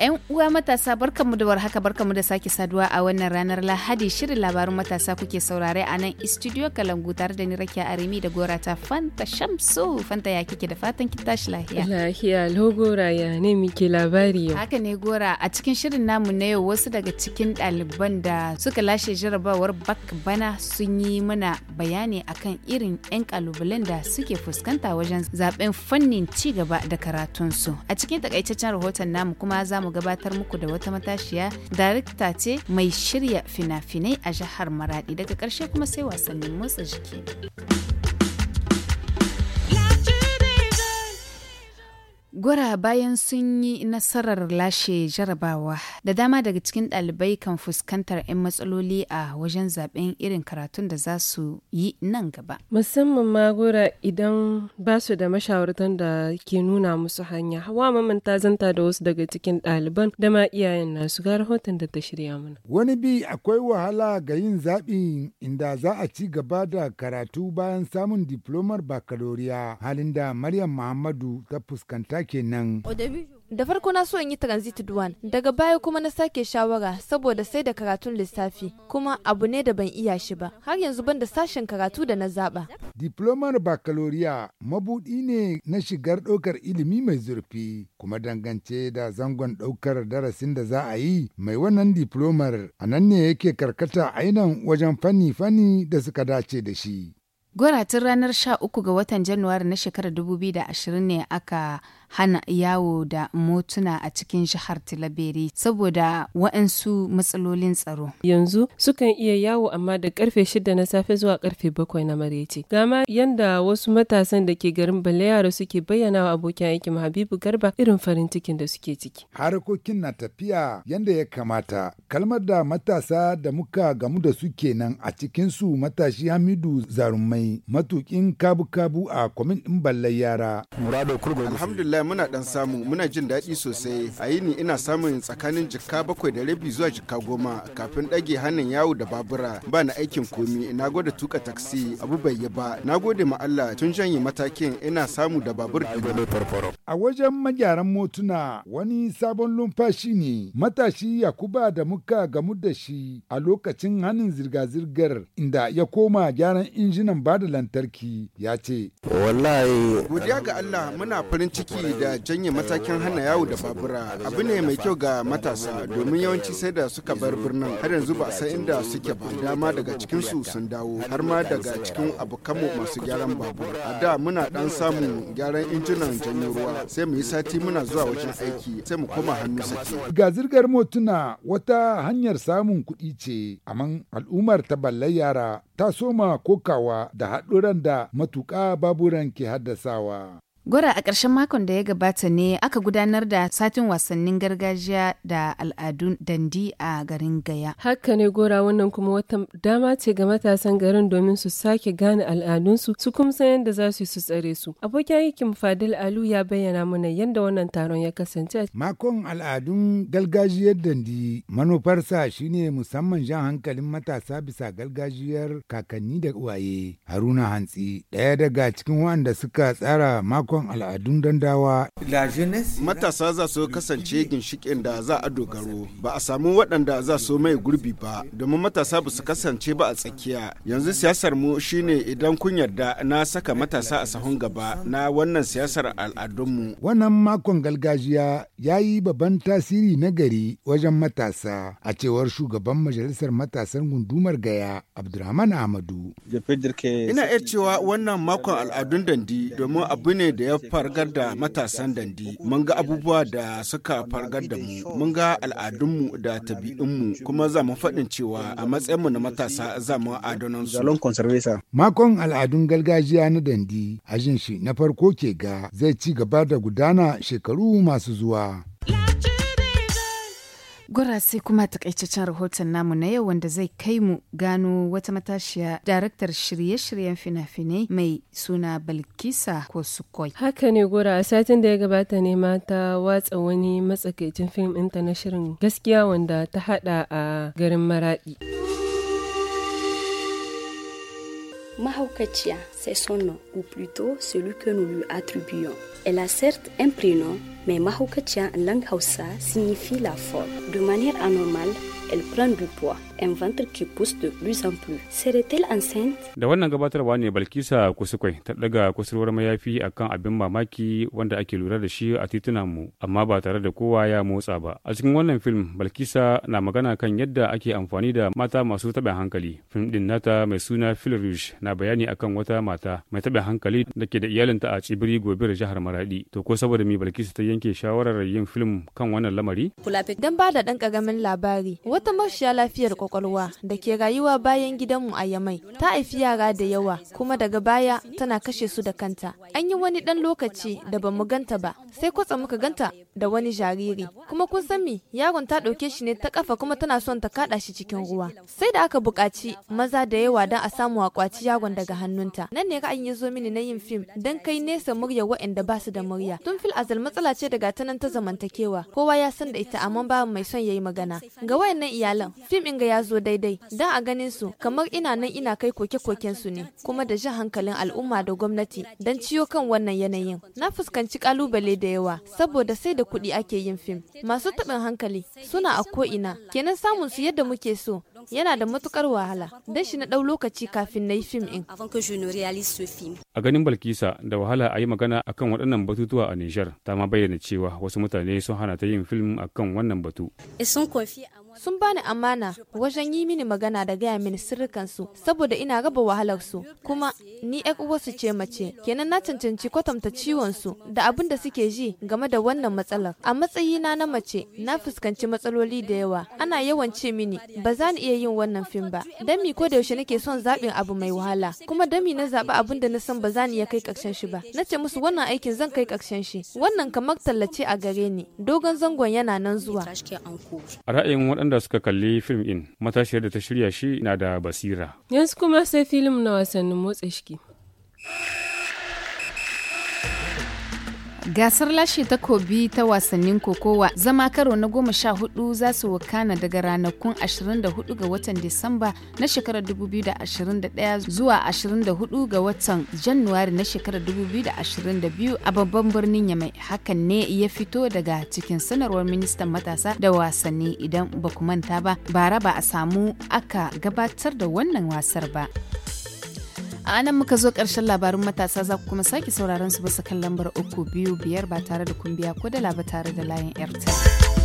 'yan uwa matasa barkanmu da warhaka barkanmu da sake saduwa a wannan ranar lahadi shirin labarun matasa kuke saurare a nan studio kalangu tare da ni rakiya arimi da gora ta fanta shamsu fanta ya kike da fatan ki tashi lahiya lahiya lo gora ya ne muke labari yau haka ne gora a cikin shirin namu na yau wasu daga cikin ɗaliban da suka lashe jarabawar bak bana sun yi mana bayani akan irin 'yan kalubalen da suke fuskanta wajen zaben fannin ci gaba da karatunsu a cikin takaitaccen rahoton namu kuma za mu gabatar muku da wata matashiya darakta ce mai shirya fina-finai a jihar Maradi daga ƙarshe kuma sai wasannin motsa jiki. Gwara bayan sun yi nasarar lashe jarabawa da dama daga cikin ɗalibai kan fuskantar 'yan matsaloli a wajen zaben irin karatun da za su yi nan gaba. Musamman ma gora idan ba su da mashawartan da ke nuna musu hanya. Hawa mamanta zanta da wasu daga cikin ɗaliban da ma iyayen nasu ga rahoton da ta shirya mana. Wani bi akwai wahala ga yin zaɓi inda za a ci gaba da karatu bayan samun diplomar bakaloriya halin da Maryam Muhammadu ta fuskanta kenan. Da farko na so in yi transit duwan, daga baya kuma na sake shawara saboda sai da karatun lissafi, kuma abu ne da ban iya shi ba, har yanzu ban da sashen karatu da na zaba. Diplomar bakaloriya mabuɗi ne na shigar ɗaukar ilimi mai zurfi, kuma dangance da zangon ɗaukar darasin da za a yi mai wannan diplomar a nan ne yake karkata ainihin wajen fanni-fanni da suka dace da shi. Gwara tun ranar sha 13 ga watan Januwari na shekarar 2020 ne aka hana yawo da motuna a cikin jihar Tilaberi saboda waɗansu matsalolin tsaro. Yanzu sukan iya yawo amma da karfe shida na safe zuwa karfe bakwai na marece. Gama yanda wasu matasan da ke garin Baleyaro suke bayyana wa abokin aikin Habibu Garba irin farin cikin da suke ciki. Harkokin na tafiya yanda ya kamata. Kalmar da matasa da muka gamu da su kenan a cikinsu matashi Hamidu Zarumai matukin kabu-kabu a kwamin ɗin yara. Alhamdulillah gaskiya muna dan samu muna jin daɗi sosai a yi ni ina samun tsakanin jika bakwai da rabi zuwa jika goma kafin ɗage hannun yawo da babura ba na aikin komi na gode tuka taksi abu bai yi ba na gode ma Allah tun janye matakin ina samu da babur a wajen magyaran motuna wani sabon lumfashi ne matashi yakuba da muka gamu da shi a lokacin hannun zirga-zirgar inda ya koma gyaran injinan bada lantarki ya ce wallahi godiya ga Allah muna farin ciki da janye matakin hana yawo da babura abu ne mai kyau ga matasa domin yawanci sai da suka bar birnin har yanzu ba san inda suke ba dama daga cikin su sun dawo har ma daga cikin abokanmu masu gyaran babur a da muna dan samun gyaran injinan janyo ruwa sai mu yi sati muna zuwa wajen aiki sai mu koma hannu sake ga zirgar motuna wata hanyar samun kuɗi ce amman al'ummar ta ballar yara ta soma kokawa da haɗuran da matuƙa baburan ke haddasawa. gora a ƙarshen makon da ya gabata ne aka gudanar da satin wasannin gargajiya da al'adun dandi a garin Gaya. Haka ne gora wannan kuma wata dama ce ga matasan garin domin su sake gane al'adunsu su kuma san yadda za su su tsare su. Abokin aikin Fadil Alu ya bayyana mana yadda wannan taron ya kasance. Makon al'adun gargajiyar dandi manufarsa shine musamman jan hankalin matasa bisa gargajiyar kakanni da uwaye. Haruna Hantsi ɗaya daga cikin waɗanda suka tsara makon abubuwan al'adun dandawa. Matasa za su kasance ginshikin da za a dogaro, ba a samu waɗanda za su mai gurbi ba, domin matasa ba su kasance ba a tsakiya. Yanzu siyasar mu shine idan kun yarda na saka matasa a sahun gaba na wannan siyasar al'adunmu. Wannan makon gargajiya ya yi babban tasiri na gari wajen matasa, a cewar shugaban majalisar matasan gundumar Gaya, Abdulrahman Ahmadu. Ina iya cewa wannan makon al'adun dandi domin abu ne da ya fargar da matasan dandi mun ga abubuwa da suka fargar da mu mun ga al'adunmu da tabi'unmu kuma za mu faɗin cewa a matsayinmu na matasa za mu adonan su. Makon al'adun gargajiya na dandi a shi na farko ke ga zai ci gaba da gudana shekaru masu zuwa. Gwara sai kuma takaitaccen rahoton namu na yau wanda zai kai mu gano wata matashiya daraktar shirye-shiryen fina-finai mai suna Balkisa ko sukoi Haka ne Gwara a satin da ya gabata ne mata watsa wani matsakaicin fim ɗinta na shirin gaskiya wanda ta hada a garin Maradi. Mahaukaciya, sai son nom, ou plutôt celui a certes un prénom, mais mahukatia lang hausa signifie la forme. De manière anormale, elle prend du poids, un ventre qui pousse de plus en plus. Serait-elle enceinte? Da wannan gabatarwa ne Balkisa Kusukwai ta daga kusurwar mayafi kan abin mamaki wanda ake lura da shi a titunan mu amma ba tare da kowa ya motsa ba. A cikin wannan film Balkisa na magana kan yadda ake amfani da mata masu taɓin hankali. Film din nata mai suna Phil na bayani akan wata mata mai taɓin hankali da ke da iyalinta a Tsibiri da jihar Maradi. To ko saboda me Balkisa ta yanke shawarar yin film kan wannan lamari? Dan ba da ɗan ƙaramin labari. Wata mashiya lafiyar kwakwalwa da ke rayuwa bayan gidanmu a Yamai ta haifi yara da yawa kuma daga baya tana kashe su da kanta. An yi wani ɗan lokaci da ba mu ganta ba sai kwatsa muka ganta da wani jariri kuma kun san me yaron ta ɗauke shi ne ta kafa kuma tana son ta kaɗa shi cikin ruwa sai da aka buƙaci maza da yawa don a samu a kwaci yaron daga hannunta nan ne ra'ayin ya zo mini na yin fim don kai nesa murya wa'anda ba su da murya tun fil azal matsala ce daga ta ta zamantakewa kowa ya san da ita amma ba mai son yayi magana ga wayannan iyalan fim in ga ya zo daidai don a ganin su kamar ina nan ina kai koke-koken su ne kuma da jin hankalin al'umma da gwamnati don ciyo kan wannan yanayin na fuskanci kalubale da yawa saboda sai da kuɗi ake yin fim. Masu taɓin hankali suna a ko'ina kenan samun su yadda muke so yana da matukar wahala dan shi na ɗau lokaci kafin na yi fim ɗin. A ganin Balkisa da wahala a yi magana akan waɗannan batutuwa a Nijar ta ma bayyana cewa wasu mutane sun hana ta yin fim akan wannan batu. sun bani amana wajen yi mini magana da gaya mini sirrikansu saboda ina raba su kuma ni ƴar uwarsu ce mace kenan na cancanci kwatanta ciwon su da abin da suke ji game da wannan matsalar a matsayi na na mace na fuskanci matsaloli da yawa ana yawan ce mini ba za ni iya yin wannan fim ba dami ko da yaushe nake son zaɓin abu mai wahala kuma dami na zaɓi abin da na san ba za ni iya kai ƙarshen shi ba na ce musu wannan aikin zan kai karshen shi wannan kamar tallace a gare ni dogon zangon yana nan zuwa a ra'ayin waɗanda waɗanda suka kalli fim ɗin matashiyar da ta shirya shi na da basira yanzu kuma sai filim na wasannin motsa shiki Gasar lashe takobi ta wasannin kokowa zama karo na goma sha hudu za su wakana daga ranakun 24 ga watan Disamba na shekarar 2021 zuwa 24 ga watan Januwari na shekarar 2022 a babban birnin Yamai. Hakan ne ya fito daga cikin sanarwar ministan matasa da wasanni idan ba ku manta ba, bara ba a samu aka gabatar da wannan wasar ba. A nan muka zo karshen labarin matasa za ku kuma sake sauraron su bisa kan lambar uku biyu biyar ba tare da kumbiya ko da laba tare da layin airtel